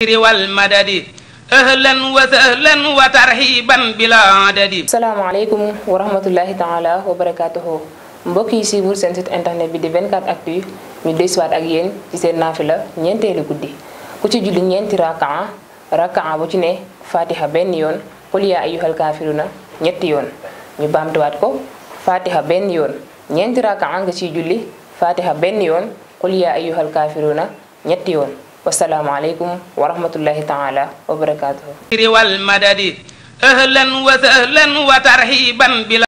ahlan wa sahlan wa tarhiban bila adadi salaamaaleykum wa rahmatullahi taala wa mbokk yi siiwul seen site internet bi di 24 actu ñu desuwaat ak yéen ci seen naafi la ñeenteelu guddi ku ci julli ñeenti rakaa rakaa bu ci ne fatiha benn yoon qul yaa ayyuhal ñetti yoon ñu baamtuwaat ko fatiha benn yoon ñeenti rakaa nga ciy julli benn yoon qul yaa ayyuhal kaafiruna ñetti yoon wasalaamualeykum wa rahmatullahi taala wa barakaatuhu. riwal madadi ahlan wa sahlan wa tarhiban bila